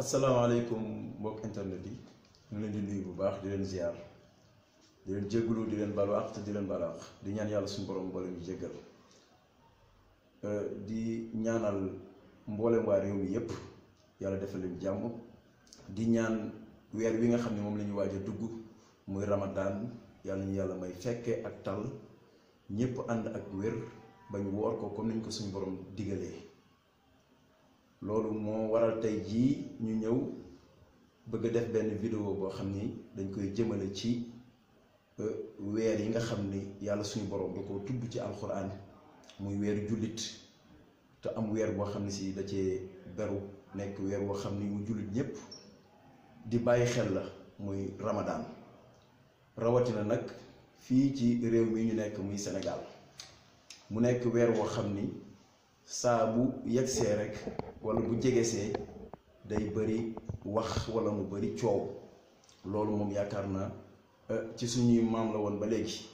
assalamualaikum mbok internet yi ñu leen di nuyu bu baax di leen ziar di leen jéggulu di leen balu àq di leen balu àq di ñaan yàlla suñu borom mboolem ñu jéggal euh, di ñaanal mboolem waa réew mi yépp yàlla defal leen jàmm di ñaan weer wi nga xam ne moom la ñu waaj a dugg muy ramadan yàlla ñu yàlla may fekkee ak tal ñépp ànd ak wér bañ woor ko comme niñ ko suñu borom digalee loolu moo waral tey jii ñu ñëw bëgg a def benn vidéo boo xam ni dañ koy jëmale ci euh, weer yi nga xam ni yàlla suñu borom da ko tudd ci alxuraan muy weeru jullit te am weer boo xam ne si da cee beru nekk weer boo xam ni mu jullit ñépp di bàyyi xel la muy ramadaan rawatina nag fii ci réew mi ñu nekk muy Sénégal mu nekk weer woo xam ni saa bu yegsee rek wala bu jegesee day bëri wax wala mu bëri ciow loolu mom yakarna euh ci suñuy maam la won ba légui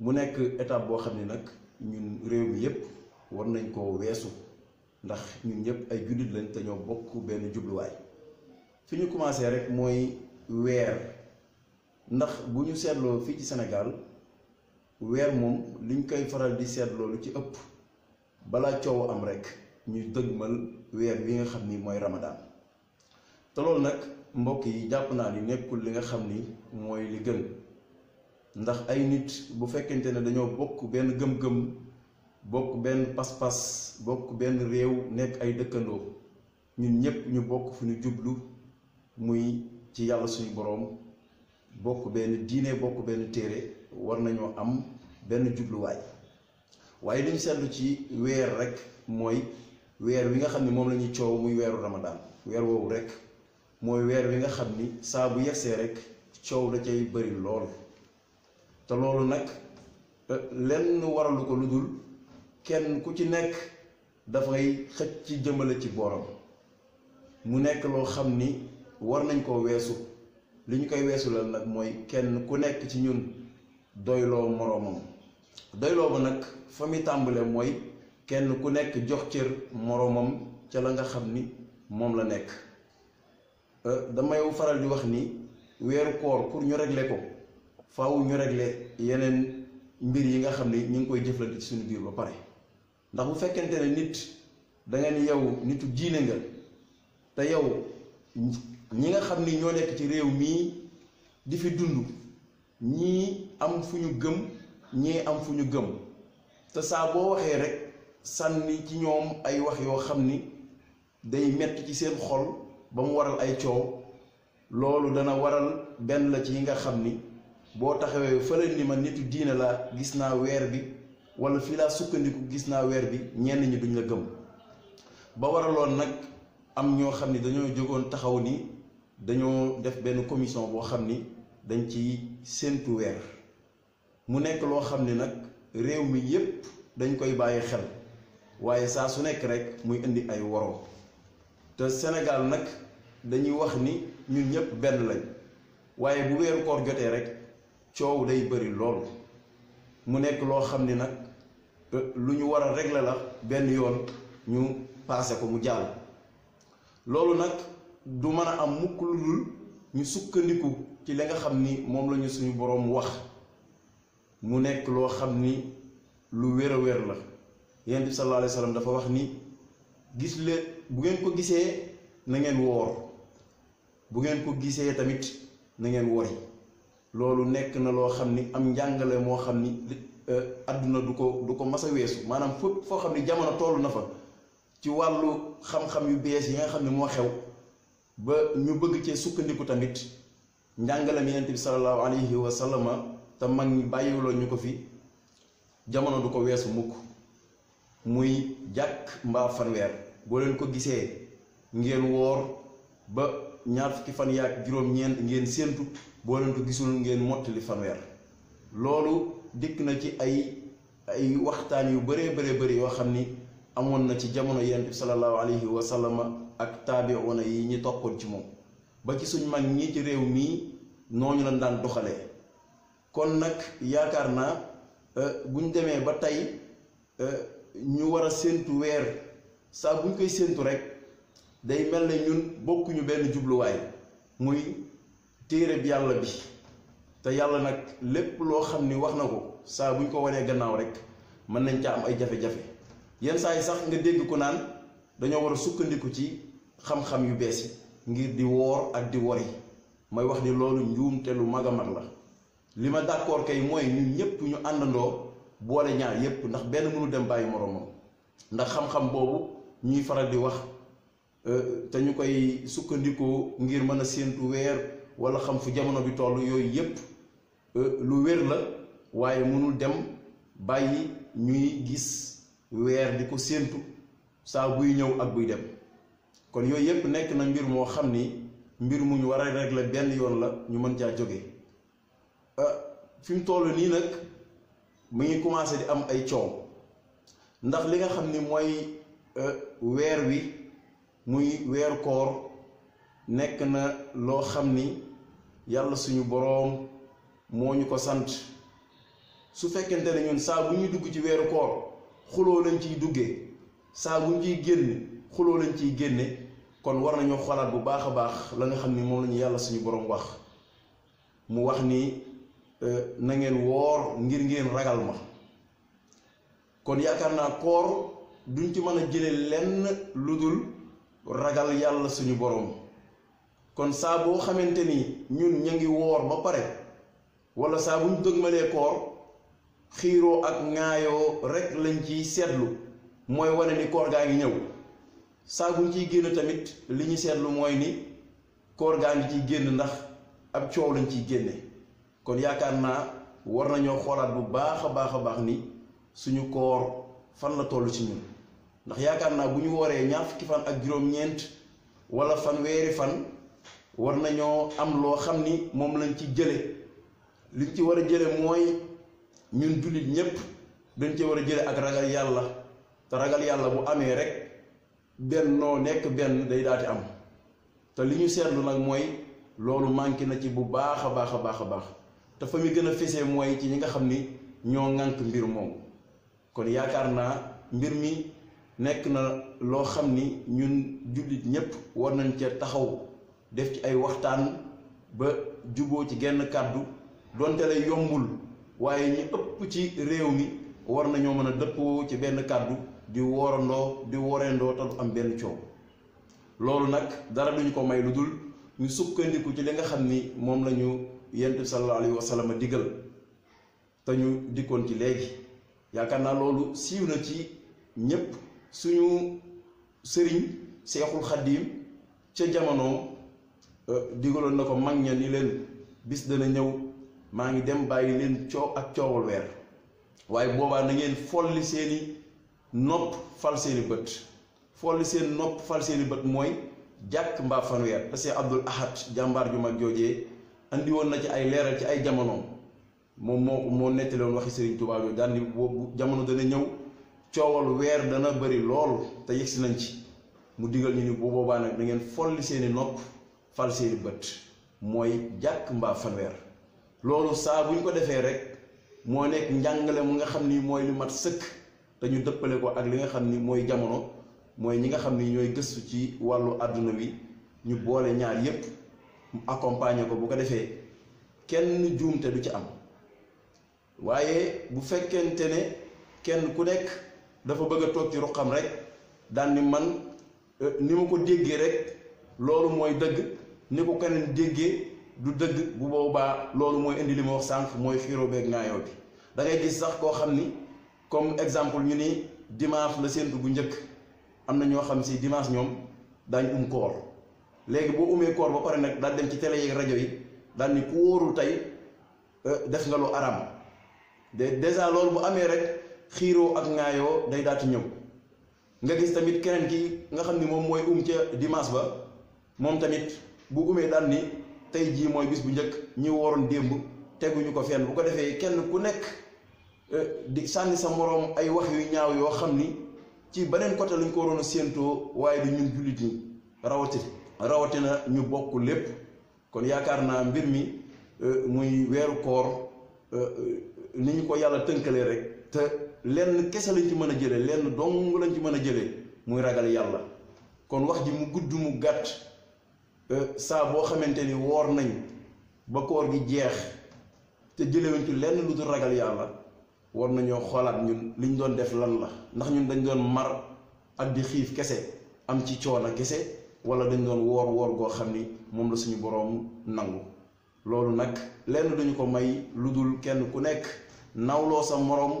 mu nekk étape bo xamni nak ñun réew mi yépp war nañ ko wéssu ndax ñun ñëpp ay jullit lañ té ñoo bokk bénn jubluwaay way fiñu commencé rek moy wér ndax buñu sétlo fi ci Sénégal wér mom liñ koy faral di sétlo lu ci ëpp bala ciow am rek ñu dëgmal weer bi nga xam ni mooy ramadaan te nag mbokk yi jàpp naa ni nekkul li nga xam ni mooy li gën ndax ay nit bu fekkente ne dañoo bokk benn gëm-gëm bokk benn pas-pas bokk benn réew nekk ay dëkkandoo ñun ñépp ñu bokk fu ñu jublu muy ci yàlla suñu boroom bokk benn diine bokk benn téere war nañoo am benn jubluwaay waaye li ñu seetlu ci weer rekk mooy weer wi nga xam ne moom lañuy coow muy weeru ramadaan weer woowu rek mooy weer wi nga xam ni saa bu yegsee rek coow da cay bari lool te loolu nag e, lenn waralu ko lu dul kenn ku ci nekk dafay xëcc ci jëmale ci borom mu nekk loo xam ni war nañ ko weesu li ñu koy weesu la nag mooy kenn ku nekk ci ñun doyloo moroomam doyloo ba nag fa muy tàmbale mooy kenn ku nekk jox cër moroomam ca la nga xam ni moom la nekk euh, damay faral di wax ni weeru koor pour ñu régler ko faw ñu régler yeneen mbir yi nga xam ni ñu ngi koy jëflante ci suñu biir ba pare ndax bu fekkente ne nit da nga ni yow nitu diine nga te yow ñi nga xam ni ñoo nekk ci réew mii di fi dund ñii am fu ñu gëm ñii am fu ñu gëm te saa boo waxee rek sànni ci ñoom ay wax yoo xam ni day metti ci seen xol ba mu waral ay coow loolu dana waral benn la ci yi nga xam ni boo taxawee fële ni ma nitu diine laa gis naa weer bi wala fii laa sukkandiku gis naa weer bi ñenn ñi duñu la gëm ba waraloon nag am ñoo xam ni dañoo jógoon taxaw ni dañoo def benn commission boo xam ni dañ ciy séentu weer mu nekk loo xam ni nag réew mi yépp dañ koy bàyyi xel waye saa su nek rek muy indi ay woro te senegal nak dañuy wax ni ñun ñep benn lañ waye bu wër koor jotee rek ciow day bari lool mu nek lo xamni nak luñu wara régler la benn yoon ñu paase ko mu jall loolu nak du mëna am mukk lu ñu sukkandiku ci li nga xamni mom lañu suñu borom wax mu nek lo xamni lu wër wër la yonent bi sallallahu alayhi wa sallam dafa wax ni gis leen bu ngeen ko gisee na ngeen woor bu ngeen ko gisee tamit na ngeen wori loolu nekk na loo xam ni am njàngale moo xam ni àdduna euh, du ko du ko mas a weesu maanaam fépp foo xam ni jamono toll na fa ci wàllu xam-xam yu bees yi nga xam ne moo xew ba ñu bëgg cee sukkandiku tamit njàngale njàngalem yonent bi sallallahu alayhi wa sallama te mag ñi bàyyiwuloo ñu ko fi jamono du ko weesu mukk muy jàkk mbaa fanweer boo leen ko gisee ngeen woor ba ñaar fukki fan yaak juróom-ñeent ngeen séentu boo leen ko gisul ngeen mottali fanweer loolu dikk na ci ay ay waxtaan yu bëree bëree bëri yoo xam ni amoon na ci jamono yenn bi sallallahu alayhi wa sallama ak taabi'una yi ñu toppoon ci moom ba ci suñ mag ñi ci réew mii nooñu lañ daan doxalee kon nag yaakaar naa euh, buñ demee ba tey euh, ñu war a séentu weer saa buñ koy séentu rek day mel ne ñun bokkuñu benn jubluwaay muy bi yàlla bi te yàlla nag lépp loo xam ni wax na ko saa buñ ko wanee gannaaw rek mën nañ ca am ay jafe-jafe yenn saa yi sax nga dégg ko naan dañoo war a sukkandiku ci xam-xam yu bees yi ngir di woor ak di wori may wax ni loolu njuum te lu mag mag la li ma d'accord kay mooy ñun ñépp ñu àndandoo boole ñaar yépp ndax benn mënu dem bàyyi moromam ndax xam-xam boobu ñuy faral di wax euh, te ñu koy sukkandikoo ngir mën a séentu weer wala xam fu jamono bi toll yooyu yépp euh, lu wér la waaye mënul dem bàyyi ñuy gis weer di ko séentu saa buy ñëw ak buy dem kon yooyu yépp nekk na mbir moo xam ni mbir mu ñu war a régler benn yoon la ñu mën caa jóge euh, fi mu toll nii nag mu ngi commencé di am ay coow ndax li nga xam ni mooy euh, weer wi muy weer koor nekk na loo xam ni yàlla suñu boroom moo ñu ko sant su fekkente ne ñun saa bu ñuy dugg ci weeru koor xuloo lañ ciy duggee saa bu ñu ciy génne xuloo lañ ciy génne kon war nañoo xoolaat bu baax a baax la nga xam ni moom lañu yàlla suñu boroom wax mu wax ni Euh, na ngeen woor ngir ngeen ragal ma kon yaakaar naa koor duñ ci mën a jële lenn lu dul ragal yàlla suñu boroom kon saa xamante ni ñun ña ngi woor ba pare wala saa buñ dëgmalee koor xiiroo ak ŋaayoo rekk lañ ciy seetlu mooy wane ni koor gaa ngi ñëw saa buñ ciy génn tamit li ñu seetlu mooy ni koor gaa ngi ciy génn ndax ab coow lañ ciy génne kon yaakaar naa war nañoo xoolaat bu baax a baax a baax ni suñu koor fan la toll ci ñun ndax yaakaar naa bu ñu waree ñaar fukki fan ak juróom-ñeent wala fan weeri fan war nañoo am loo xam ni moom lañ ci jële liñ ci war a jële mooy ñun jullit ñépp dañ ci war a jële ak ragal yàlla te ragal yàlla bu amee rek benn noo nekk benn day daati am te li ñu seetlu nag mooy loolu manqué na ci bu baax a baax a baax a baax te fa mi gëna fessé moy ci ñi nga xam ni ñoo mbir mom kon yaakarna mbir mi nek na lo xamni ñun jullit ñepp war nañ ci taxaw def ci ay waxtaan ba jubo ci genn kaddu donte la yombul waye ñi ëpp ci réew mi war nañu mëna depp ci benn kaddu di worando di worendo ta du am benn ciow lolu nak dara duñ ko may luddul ñu sukkandiku ci li nga xamni mom lañu yentu sallallahu Alaihi Wasallam digal te ñu ya ci legi yaakaar nyep sunyu siiw na ci ñepp suñu serigne cheikhul khadim ci jamono euh, mag bis dana ñew ma ngi dem bàyyi len coow ak coowal wer waye boba na ngeen folli seeni nopp fal seeni beut folli seen nopp fal seeni moy jak mba fanu yar parce que abdul ahad jambar ju mag jojé andi won na ci ay leral ci ay jamono mom moko mo nettali woon waxi Serigne Touba do dal ni jamono dana ñew coowal wer dana bari lool te yegsi nañ ci mu digal ñu ni bu boba nak da ngeen folli seeni nopp fal seeni bët mooy jàkk mbaa fanweer loolu saa bu ñu ko defé rek mo nek njangale mu nga xamni ni lu mat seuk te ñu ko ak li nga xamni moy jamono moy ñi nga xamni ñoy ñooy ci walu aduna wi ñu boole ñaar yépp accompagner ko bu ko defee kenn juumte du ci am waaye bu fekkente ne kenn ku nekk dafa bëgg a toog ci ruqam rek daan man euh, ni ma ko déggee rek loolu mooy dëgg ni ko keneen déggee du dëgg bu boobaa loolu mooy indi li ma wax sànq mooy xiiroo beeg ñaayoo bi da ngay gis sax koo xam ni comme exemple ñu ni dimanche la séentu bu njëkk am na ñoo xam si dimanche ñoom daañ um koor léegi bo umi koor ba pare nak dal dem ci télé yi rajo yi dal ni ku wóorul tey euh, def nga lo aram de dèjà lolou bu amé rek xiro ak ngaayo day daati ñew nga gis tamit keneen ki nga xamni mom moy um ci dimanche ba mom tamit bu umi dal ni tay ji moy bis bu njëkk ñi woron demb teguñu ko fenn bu ko defee kenn ku nekk euh, di sanni sa morom ay wax yu ñaaw yo xamni ci benen côté luñ ko waroon sento waye du ñun julit ni rawati rawatina ñu bokk lépp kon yaakaar naa mbir mi euh, muy weeru koor euh, euh, ni ñu ko yàlla tënkalee rek te lenn kese lañ ci mën a jëlee lenn dong lañ ci mën a jëlee muy ragal yàlla kon wax ji mu gudd mu gàtt saa boo xamante ni woor nañ ba koor gi jeex te jëlewuñ ci lenn lu dul ragal yàlla war nañoo xoolaat ñun ñu doon def lan la ndax ñun dañ doon mar ak di xiif kese am ci coono kese wala dañ doon woor woor goo xam ni moom la suñu borom nangu loolu nag lenn duñu ko may lu kenn ku nekk nawloo sa morom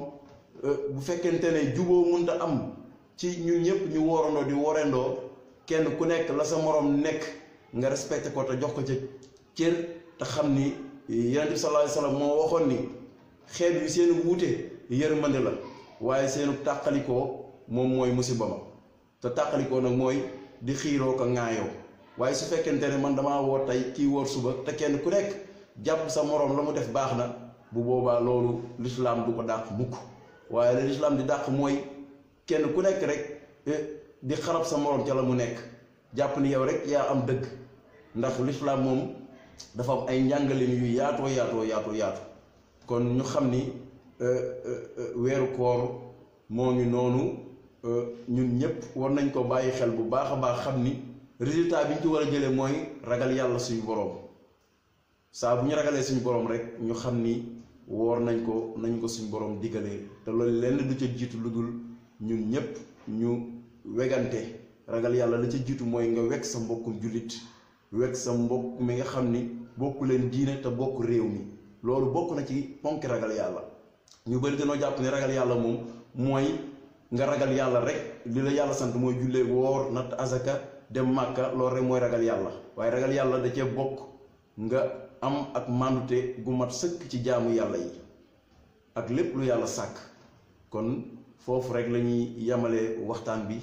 euh, bu fekkente ne juboo munta am ci ñun ñëpp ñu woorandoo di worendoo kenn ku nekk la sa morom nekk nga respecté ko te jox ko ca cër te xam ni yonente bi sallallahu alayhi wasallam moo waxoon ni xeet wi seenu wuute yërmande la waaye seenu tàqalikoo moom mooy musibama ta te tàqalikoo nag mooy di xiiroo ko ŋaayoo waaye su fekkente ne man dama woor tey kii woor suba te kenn ku nekk jàpp sa moroom la mu def baax na bu boobaa loolu lislaam du ko dàq mukk waaye la lislaam di dàq mooy kenn ku nekk rek eh, di xarab sa moroom ca la mu nekk jàpp ni yow rek yaa am dëgg ndax lislaam moom dafa am ay njàngaleem yu yaatoo yaatoo yaatoo yaatu kon ñu xam ni eh, eh, weeru koor moo ngi noonu Euh, ñun ñëpp war nañ ko bàyyi xel bu baax a baax xam ni résultat bi ñu war a jëlee mooy ragal yàlla suñu boroom saa bu ñu ragalee suñu boroom rek ñu xam ni woor nañ ko nañ ko suñu boroom diggalee te loolu lenn du ca jiitu lu dul ñun ñëpp ñu wegante ragal yàlla la ca jiitu mooy nga wekk sa mbokkum jullit weg sa mbokk mi nga xam ni bokku leen diine te bokk réew mi loolu bokk na ci ponk ragal yàlla ñu bëri dañoo jàpp ni ragal yàlla moom mooy. nga ragal yalla rek li la yalla sant moy julle wor nat azaka dem makka loolu rek moy ragal yalla waye ragal yalla da ci bokk nga am ak màndute gu mat sëkk ci jaamu yalla yi ak lepp lu yalla sak kon fofu rek lañuy yamale waxtaan bi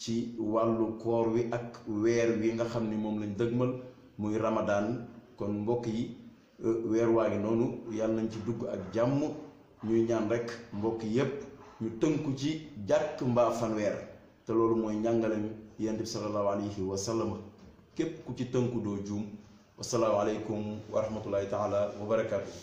ci walu koor wi ak weer wi nga xamni ni lañ dëgmal muy ramadan kon mbokk yi euh, weer waagi nonu yalla nañ ci dugg ak jamm ñuy ñaan rek mbokk yépp ñu tënku ci jàkk mbaa fanweer te loolu mooy njàngalem yonent bi sallallahu alayhi wa sallam képp ku ci tënku doo juum wasalaamu aleykum wa rahmatullahi taala wa barakaatu